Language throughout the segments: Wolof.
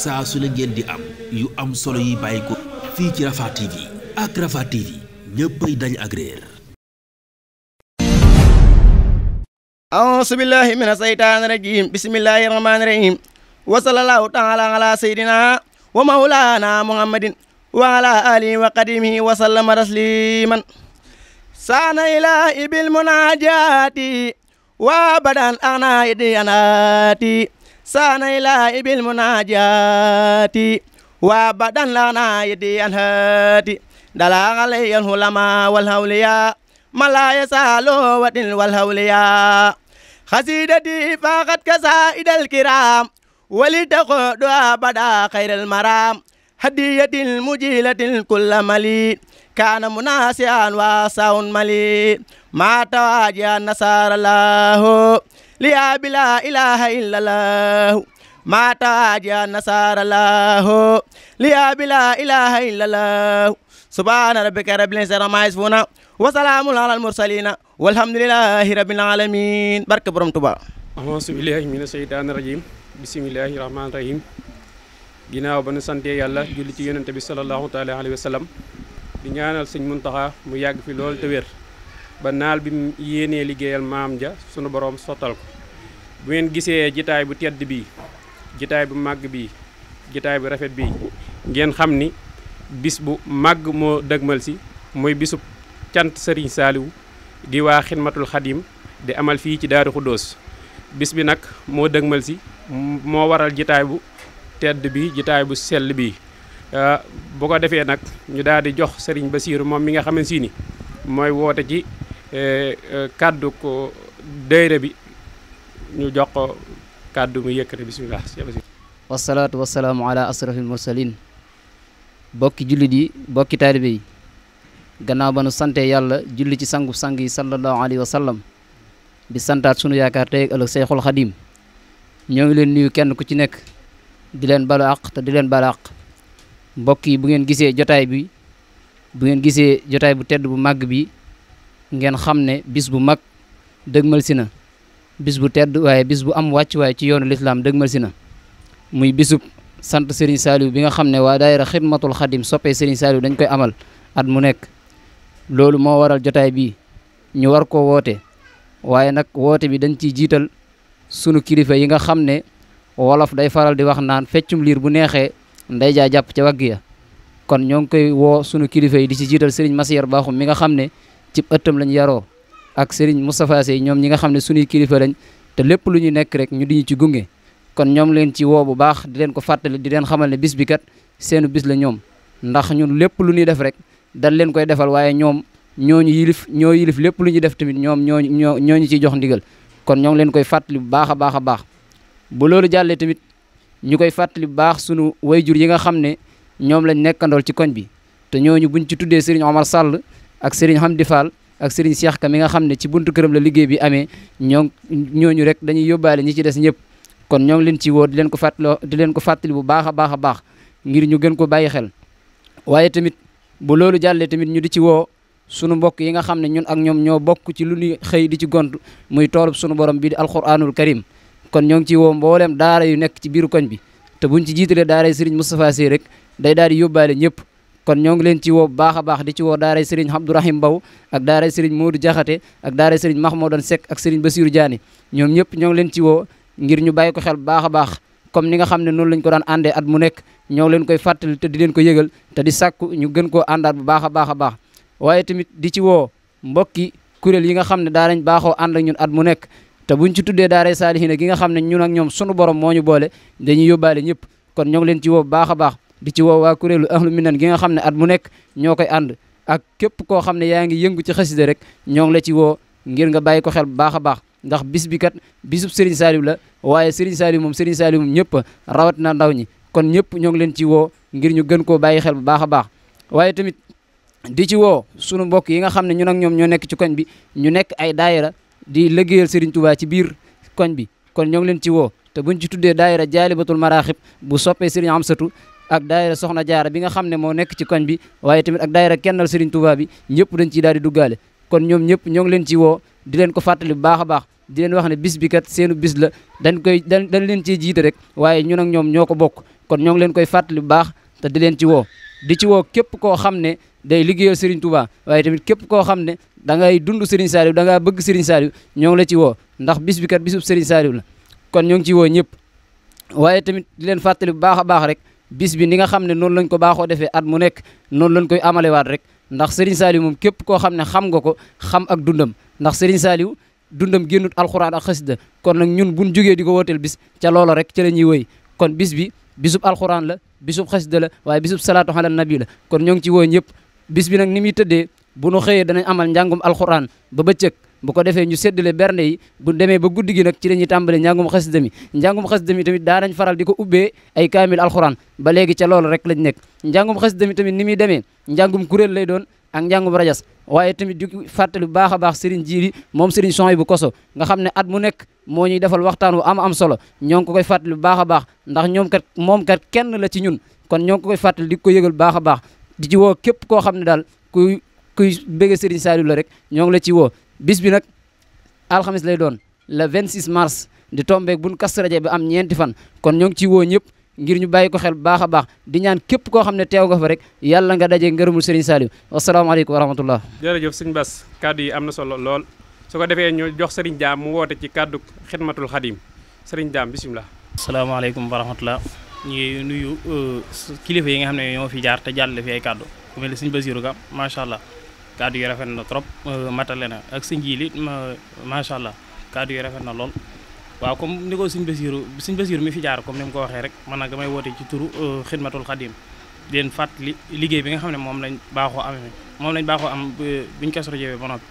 saa su ne am yu am solo yi bàyyi ko fii ci Rafah TV ak Rafah TV ñëppay dañ ak réer aousu billahi mina seytaani rajim bismillahi rahmaani rahim wa sallallahu taala ala seydina wa mawlaana muhammadin wa ala alihi wa qadimihi wa sallama saana ilaahi bil munajaati wa badan ana idi anaati سانا إلهي بالمناجات وابدا لنا يدي أنهات دلا علي العلماء والهولياء ما لا يسال ودن والهولياء خسيدتي فاقت كسائد الكرام ولتقود أبدا خير المرام هدية مجيلة كل ملي كان مناسيا واسع ملي ما تواجه نصار الله li bi laa ilaaha illallahu maataaja nasaara laahu liyaa bi laa ilaaha illallahu subhaana rabbika rabbil izzati ammaa yasifuuna wa salaamun alal mursaliina walhamdulillaahi rabbil aalamiin barke borom Tuubaa auusu billaahi mina sheytaani rajiim bismillaahi rahmaani rahiim ginnaaw ba nu santee yàlla julli ci yonente bi salallaahu taala alayhi wa sallam di ñaanal sëñ Muntaxa mu yàgg fi lool te wér ba naal bi mu yéenee liggéeyal maam ja sunu boroom sottal ko bu ngeen gisee jitaay bu tedd bii jitaay bu màgg bii jitaay bu rafet bii ngeen xam ni bis bu màgg moo dëgmal si muy bisub cant sëriñ saaliw di waa xidmatul xadim di amal fii ci daaru xuddoos bis bi nag moo dëgmal si moo waral jitaay bu tedd bi jitaay bu sell bi ah, bu ko defee nag ñu daal di jox sëriñ ba basiiru moom mi nga xaman si ni mooy woote ci Eh, eh, kàddu ko dayre bi ñu jox ko kàddu mu yëkkati bisimilah. wasalaatu wasalaamu ala asrafil mursalin bokki jullit yi bokki taalibe gannaaw ba nu sante yàlla julli ci sangu sang yi sallallahu alayhi wa sallam santaat sunu yaakaar tey ak ëllëg Seyxul Xadim ngi leen nuyu kenn ku ci nekk di leen balu àq te di leen balu àq mbokk yi bu ngeen gisee jotaay bi bu ngeen gisee jotaay bu tedd bu màgg bi ngeen xam ne bis bu mag dëgmal si na bis bu tedd waaye bis bu am wàcc waaye ci yoonu lislaam dëgmal si na muy bisub sant Serigne Saliou bi nga xam ne waa daayira xidmatul xadim soppee Serigne Saliou dañ koy amal at mu nekk loolu moo waral jotaay bi ñu war koo woote waaye nag woote bi dañ ciy jiital sunu kilifa yi nga xam ne wolof day faral di wax naan feccum liir bu neexee nday jaa jàpp ca wagg ya kon ñoo ngi koy woo sunu kilifa yi di ci jiital Serigne Massiyar Bakhoum mi nga xam ne ci ëttam lañ yaroo ak sëriñ Moustapha Sey ñoom ñi nga xam ne suñuy kilifa lañ te lépp lu ñuy nekk rek ñu di ñu ci gunge kon ñoom leen ci woo bu baax di leen ko fàttali di leen xamal ne bis bi kat seenu bis la ñoom ndax ñun lépp lu ñuy def rek dañ leen koy defal waaye ñoom ñooñu yilif ñoo yilif lépp lu ñuy def tamit ñoom ñoo ñoo ñooñu ciy jox ndigal kon ñoo leen koy fàttali bu baax a baax a baax bu loolu jàllee tamit ñu koy fàttali bu baax sunu jur yi nga xam ne ñoom lañ nekkandool ci koñ bi te ñooñu buñ ci tuddee Serigne Omar Sall ak Serigne Hamdi Fall ak Serigne Cheikh Ka mi nga xam ne ci buntu këram la liggéey bi amee ñoo ñooñu rek dañuy yóbbaale ñi ci des ñëpp kon ñoo leen ci woo di leen ko fàttaloo di leen ko bu baax baax a baax ngir ñu gën ko bàyyi xel waaye tamit bu loolu jàllee tamit ñu di ci woo sunu mbokk yi nga xam ne ñun ak ñoom ñoo bokk ci lu ñuy xëy di ci gont muy toolub sunu borom bii di alquranul karim kon ñoo ngi ci woo mbooleem daara yu nekk ci biiru koñ bi te buñ ci jiitalee daara Serigne Moustapha rek day di yóbbaale ñëpp kon ñoo ngi leen ci woo bu baax a baax di ci woo daaray Serigne Abdourahim Mbaw ak daaray Serigne Modou Diakhaté ak daaray Serigne Mahmoudan Seck ak Serigne Bassirou Diané ñoom ñëpp ñoo leen ci woo ngir ñu bàyyi ko xel bu baax a baax comme ni nga xam ne noonu lañ ko daan àndee mu nekk ñoo leen koy fàttali di leen ko yëgal te di sàkku ñu gën koo àndaat bu baax a baax a baax waaye tamit di ci woo mbokki kuréel yi nga xam ne daa nañ baaxoo ànd ak ñun at mu nekk te buñ ci tuddee daaray saalihina gi nga xam ne ñun ak ñoom sunu borom moo ñu boole dañuy yóbbaale ñëpp kon ñoo leen ci woo bu baax a baax di ci woo waa kuréelu ahlu nan gi nga xam ne at mu nekk ñoo koy ànd ak képp koo xam ne yaa ngi yëngu ci xasida rek ñoo ngi la ci woo ngir nga bàyyi ko xel bu baax a baax ndax bis bi kat bisub Serigne la waaye Serigne Saliou moom Serigne Saliou ñëpp rawat ndaw ñi kon ñëpp ñoo ngi leen ci woo ngir ñu gën koo bàyyi xel bu baax a baax waaye tamit di ci woo sunu mbokk yi nga xam ne ñun ak ñoom ñoo nekk ci koñ bi ñu nekk ay daayira di liggéeyal Serigne Touba ci biir koñ bi kon ñoo leen ci woo te buñ ci tuddee daayara jaalibatul maraaxib bu soppee am Amsatu ak daayira soxna jaara bi nga xam ne moo nekk ci koñ bi waaye tamit ak daayira kennal Serigne Touba bi ñëpp dañ ciy daal di duggaale kon ñoom ñëpp ñoo ngi leen ci woo di leen ko fàttali bu baax a baax di wax ne bis bi kat seenu la dañ koy dañ dañ leen ciy jiite rek waaye ñun ak ñoom ñoo ko bokk kon ñoo ngi leen koy fàttali bu baax te di leen ci woo di ci woo képp koo xam ne day liggéeyal Serigne Touba waaye tamit képp koo xam ne da dund Serigne Saliou da ngaa bëgg Serigne Saliou ñoo ngi la ci woo ndax bis bi kat bisub Serigne Saliou la kon ñoo ngi ci woo ñëpp waaye tamit di leen fàttali bu baax a baax rek bis bi ni nga xam ne noonu lañ ko baaxoo defee at mu nekk noonu lañ koy amalewaat rek ndax Serigne Saliou moom képp koo xam ne xam nga ko xam ak dundam ndax Serigne Saliou dundam génnut alxuraan ak xasida kon nag ñun bu buñ jógee di ko wooteel bis ca loola rek ca la ñuy wëy kon bis bi bisub alxuraan la bisub xasida la waaye bisub salaatu ala nabi la kon ñoo ngi ci woo ñëpp bis bi nag ni muy tëddee bu nu xëyee danañ amal njàngum alxuraan ba ba bëccëg bu ko defee ñu séddale bernde yi bu demee ba guddi gi nag ci la ñuy tàmbale njàngum xasida mi njàngum xasida mi tamit daanañ faral di ko ubbee ay kaamil alxuraan ba léegi ca loolu rek lañ nekk njàngum xasida mi tamit ni muy demee njàngum kuréel lay doon ak njàngum rajas waaye tamit di fàttali bu baax a baax Serigne Jiili moom Serigne Son bu koso nga xam ne at mu nekk moo ñuy defal waxtaan wu am am solo ñoo ngi ko koy fàttali bu baax a baax ndax ñoom kat moom kat kenn la ci ñun kon ñoo koy fàttali di ko yëgal baax a baax di ci woo képp koo xam ne daal kuy kuy bëgg Serigne Saliou rek ñoo ngi la ci woo bis bi nag alxamis lay doon le 26 mars di tombeeg buñ Kazu Rajab bi am ñeenti fan kon ñoo ngi ciy woo ñëpp ngir ñu bàyyi ko xel baax a baax di ñaan képp koo xam ne teew nga fa rek yàlla nga daje ngërëmul Serigne Saliou wasalaamaaleykum wa rahmatullah jërëjëf sëñ Bass kàddu yi am na solo lool su ko defee ñu jox Serigne Jaam mu woote ci kàddu xidmatul xadim Serigne Jaam bisimilah. asalaamaaleykum wa rahmatullah ñu ngi nuyu euh, kilifa yi nga xam ne ñoo fi jaar te jàllale fi ay kàddu ku mel ne sëñ Bassirou Ka macha allah. kaddu yi rafet na trop euh, matale na ak sëñ Jili ma macha allah kaddu yi rafet na lool. waaw comme ni ko sëñ Basiiru sëñ Basiiru mi fi jaar comme ni mu ko waxee rek man nag damay woote ci turu xidmatul euh, xadim di leen fàttali liggéey bi nga xam ne moom lañ baaxoo amee moom lañ baaxoo am euh, buñ Kazu Rajab ba noppi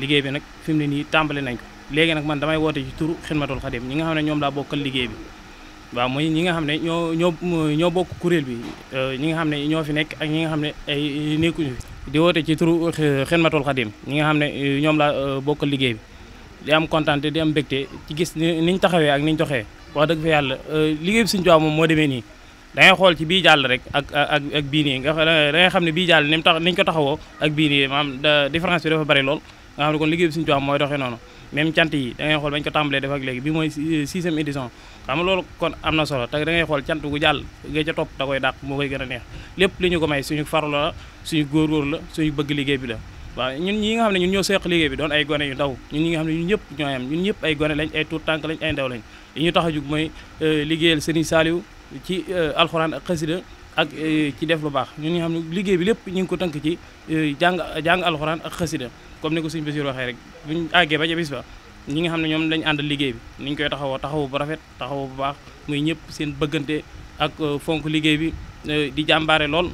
liggéey bi nag fi mu ne nii tàmbali nañ ko léegi nag man damay woote ci turu xidmatul xadim ñi nga xam ne ñoom laa bokkal liggéey bi. waaw mooy ñi nga xam ne ñoo ñoo ñoo bokk kuréel bi euh, ñi nga xam ne ñoo fi nekk ak ñi nga xam ne ay nekkuñu di woote ci turu Xidmatul Xadim ñi nga xam ne euh, ñoom la euh, bokk liggéey bi di am kontaan di am mbégte ci gis niñ taxawee ak niñ doxee wax dëgg fa yàlla liggéey bi suñu tubaab moom moo deme nii da xool ci bii jàll rek ak ak ak bii nii nga da ngay xam ne bii jàll ni mu tax niñ ko taxawoo ak bii nii maanaam différence bi dafa bari lool nga xam ne kon liggéey bi suñu mooy doxee noonu même cant yi da ngay xool bañ ko tàmbalee def ak léegi bi mooy euh, sixième édition xam nga loolu kon am na solo te da ngay xool cant gu jàll gee ca topp da koy dàq moo koy gën a neex lépp li ñu ko may suñu farlu la suñu góorgóor la suñu bëgg liggéey bi la waaw ñun ñi nga xam ne ñun ñoo seeq liggéey bi doon ay gone yu ndaw ñun ñi nga ñoo yam ñun ñëpp ay gone lañ ay tuut ñu tax a jug mooy euh, liggéeyal Serigne Saliou ci euh, alxuraan ak xasida ak ci def lu baax ñun ñu nga xam liggéey bi lépp ñu ngi ko tënk ci jàng jàng alxuraan ak xasida comme ni ko suñ Basiir waxee rek buñ àggee ba ca bis ba ñi nga xam ne ñoom lañ ànd liggéey bi niñ koy taxawoo taxawu bu rafet taxawu bu baax muy ñëpp seen bëggante ak euh, fonk liggéey bi euh, di jàmbaare lool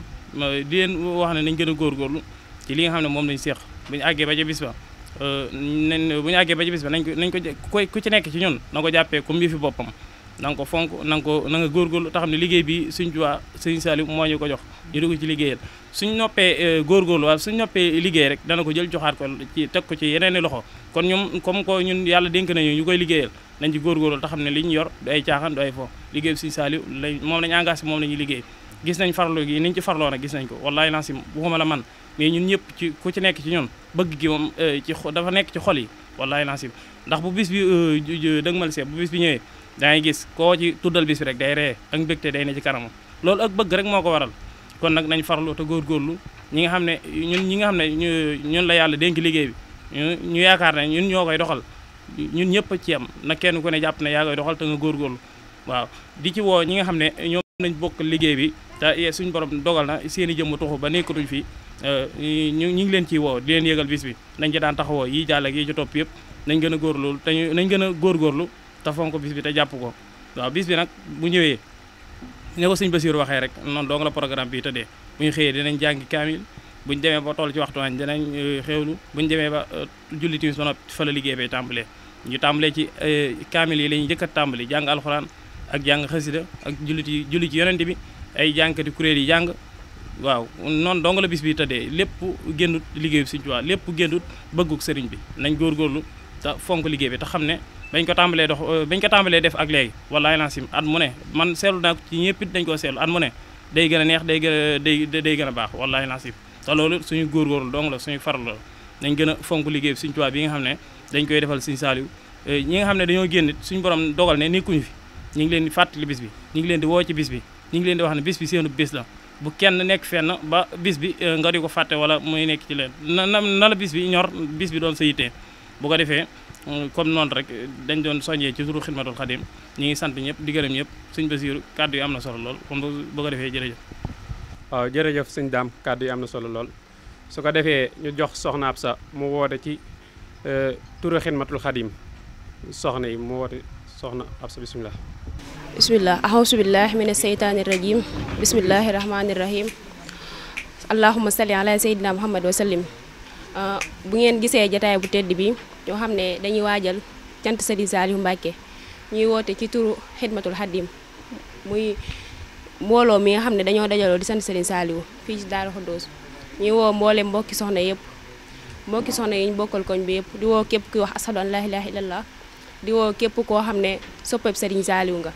di leen wax ne nañ gën a góor góorlu ci li nga xam ne moom lañ séeq buñu àggee ba ca bis ba euh, nañ bu ñu àggee ba ci bis ba nañ ko nañ ko ku ci nekk ci ñun na ko jàppee comme yëfi boppam na nga ko ko na nga góorgóorlu te xam ne liggéey bi suñ tuwaa sëñ Saliou moo ñu ko jox ñu di ko ci liggéeyal suñ noppee euh, góorgóorlu waaye suñ noppee liggéey rek dana ko jël joxaat ko ci teg ko ci yeneen i loxo kon ñoom comme ko ñun yàlla denk nañu ñu koy liggéeyal nañ ci góorgóorlu te xam ne li ñu yor du ay caaxaan du ay fo liggéey bi sëñ Saliou lañ moom lañ engagé moom la ñuy liggéey gis nañ farlu gi niñ ci farloo nag gis nañ ko wallaay lansi waxuma la man mais ñun ñëpp ci ku ci nekk ci ñun bëgg gi moom euh, ci dafa nekk ci xol yi wallaay lansi ndax bu bis bi euh, dëgmal see bu bis bi ñëwee da ngay gis koo ci tuddal bis bi rek day ree ak mbégte day ne ci kanamam loolu ak bëgg rek moo ko waral kon nag nañ farlu te góorgóorlu ñi nga xam ne ñun ñi nga xam ne ñu ñun la yàlla dénk liggéey bi ñu yaakaar ne ñun ñoo koy doxal ñun ñëpp a ci kenn ku ne jàpp ne yaa doxal te nga góorgóorlu waaw di ci woo ñi nga xam ne ñoom nañ bokk liggéey bi te suñ borom dogal na seen i jëmm tuxu ba nekkatuñ fi euh, ñu ñu ngi leen ciy wow di leen yëgal bis bi nañ ci daan taxawoo yi jàll ak yi ci topp yëpp nañ gën a góorlu te nañ gën a góorgóorlu te fonk bis bi te jàpp ko waaw bis bi nag bu ñëwee ne ko sëñ Basiir waxee rek noonu dong la programme bi tëddee bu ñu xëyee dinañ jàngi kaamil bu ñu demee ba toll ci waxtu waañ dinañ euh, xewlu bu ñu demee ba euh, julli timis ba noppi fa la liggéey bay tàmbalee ñu tàmbalee ci euh, kaamil yi la ñuy njëkk tàmbali jàng alxuraan ak jàng xasida ak jullit yi julli ci yonent bi ay jàngkati kuréel yi jàng waaw noonu dong la bis bi tëddee lépp génnut liggéey bi Sëriñ Tuubaa lépp génnut bëgguk sëriñ bi nañ góorgóorlu te fonk liggéey bi te xam ne bañ ko tàmbalee dox euh, bañ ko tàmbalee def ak léegi wallaahi lancim at mu ne man seetlu naa ñëpp it dañ koo seetlu at mu gën a neex day gën a day a baax wallaahi lancim te loolu suñu góorgóorlu dong la suñu farlu la dañ gën fonk liggéey bi suñu tubaab bi nga xam ne dañ koy defal suñu saaliw euh, ñi nga xam ne dañoo génn suñu borom dogal ne nekkuñu fi ñu ngi leen di fàttali bis bi ñu ngi leen di woo ci bis bi ñu ngi leen di wax ne bis bi seenu bis la bu kenn nekk fenn ba bis bi euh, nga di ko fàtte wala muy nekk ci leen na na la bis bi ñor bis bi doon sa yittee bu ko defee Euh, comme noonu rek dañ doon soññee ci turu xidmatul xadim ñu ngi sant ñëpp di gërëm ñëpp suñ Basiiru kàddu yi am na solo lool kon boo ko defee jërëjëf waaw jërëjëf sëñ daam kàddu yi am na solo lool su ko defee ñu jox soxna ab sa mu woote ci euh, turu xidmatul xadim soxna yi mu woote soxna ab sa bisimilah bisimilah ahousubillah min aseytaani irajim bisimillahi rahmaaniirahim allahuma salli ala seydina muhammad wa sallim euh, bu ngeen gisee jataay bu tedd bi yoo xam ne dañuy waajal cant Serigne Saliou Mbacké ñuy woote ci turu xidmatul xaddim muy mbooloo mi nga xam ne dañoo dajaloo di sant Serigne Saliou fii ci Daaru Xuddoos ñuy woo mboole mbokki soxna yëpp mbokki soxna yi ñu bokkal koñ bi yëpp di woo képp kuy wax ashadu an laa ilaaha illallah di woo képp koo xam ne soppeeb Serigne Saliou nga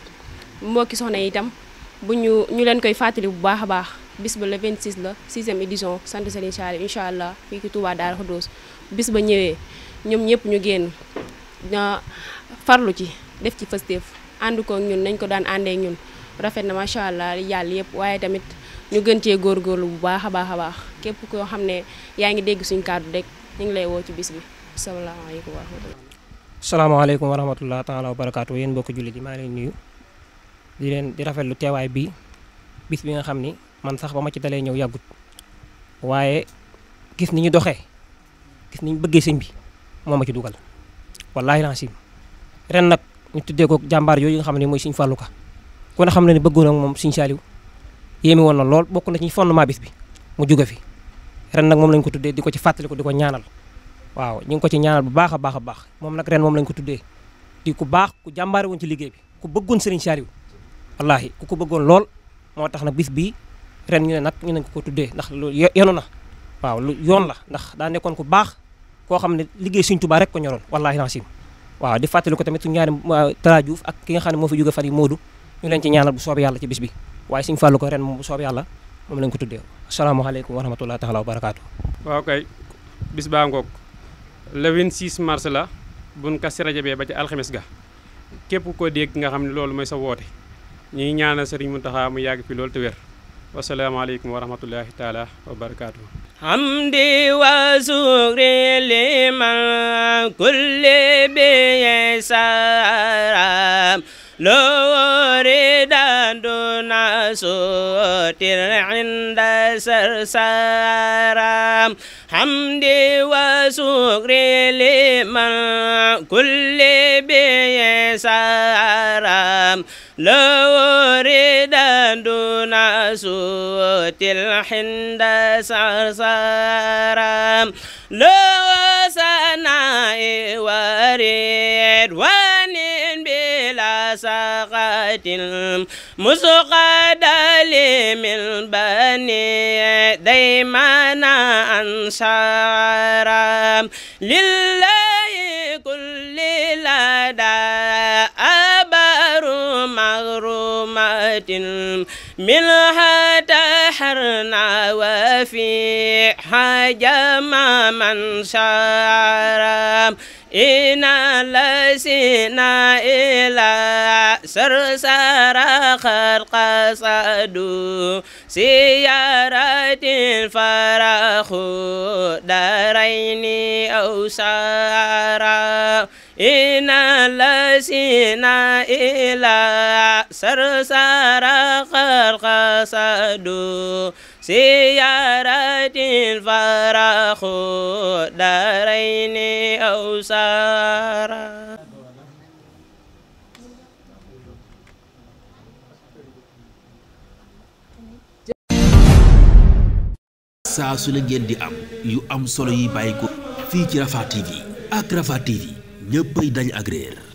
mbokki soxna itam bu ñu ñu leen koy fàttali bu baax a baax bis ba le 26 la sixième édition sant Serigne Saliou incha allah fii ci Touba Daaru Xuddoos bis ba ñëwee ñoom ñëpp ñu génn na farlu ci def ci fësteef ànd ko ñun nañ ko daan àndee ñun rafet na macha allah yàlla yëpp waaye tamit ñu gën cee góor góorlu bu baax a baax a baax képp koo xam ne yaa ngi dégg suñ kàddu rek ñu lay woo ci bis bi salaamaaleykum wa rahmatulah. salaamaaleykum wa barakaatu yéen bokk jullit di maa ngi leen nuyu di leen di rafet lu teewaay bi bis bi nga xam ni man sax ba ma ci dalee ñëw yàggut waaye gis ni ñu doxee gis ni ñu bëggee sëñ bi. moo ma ci dugal wallaahi lancim ren nag ñu tuddee ko jàmbaar yooyu nga xam ne mooy Sëñ Fallou Ka ku ne xam ne ne bëggoon ak moom Sëñ Saliou yéemi woon na lool bokk na ci fondement bis bi mu jóge fi ren moom lañ ko tuddee di ko ci fàttaliku di ko ñaanal waaw ñu ngi ko ci ñaanal bu baax a baax a baax moom nag ren moom lañ ko tuddee di ku baax ku jàmbaare woon ci liggéey bi ku bëggoon Serigne Saliou wallaahi ku ko bëggoon lool moo tax nag bis bii ren ñu ne nag ñu nañ ko ko tuddee ndax lu yenu na waaw lu yoon la ndax koo xam ne liggéey Sëriñ Tuubaa rek ko ñoroon wallaahi lancim waaw di fàttali ko tamit suñu ñaari Talla Diouf ak ki nga xam ne moo fi jóge fan yi Moodu ñu leen ci ñaanal bu soobee yàlla ci bis bi waaye Sëriñ Fallu ko ren moom bu soobee yàlla moom lañ ko tuddee asalaamaaleykum wa rahmatullahi taala wa barakaatu waaw bis baa ngoog le 26 la buñ kasi rajo bee ba ci alxames ga képp koo dégg nga xam ne loolu mooy sa woote ñu ngi ñaanal Sëriñ Muntaxa mu yàgg fi loolu te wér wasalaamaaleykum wa rahmatullahi taala wa حمدي وسكري لمن كل به سرام لو أريد دون سوتر عند سرسرام حمدي وسكري لمن كل به سرام لو أريد دون سوت الحند سرسارا لو سناء وريد وان بلا سقات مسقد من بني ديمانا أنصارا لله منها تحرنا وفيها جمع من شارم إنا لسنا إلى سرسار خلق صدو سيارة فرخ دارين أو سارا ina lasina ila sarsara xarxasadu siyaratin faraxu darayni aw saa su ngeen di am yu am solo yi bàyyi ko fii ci Rafah TV ak Rafah TV ñëppay dañ ak réer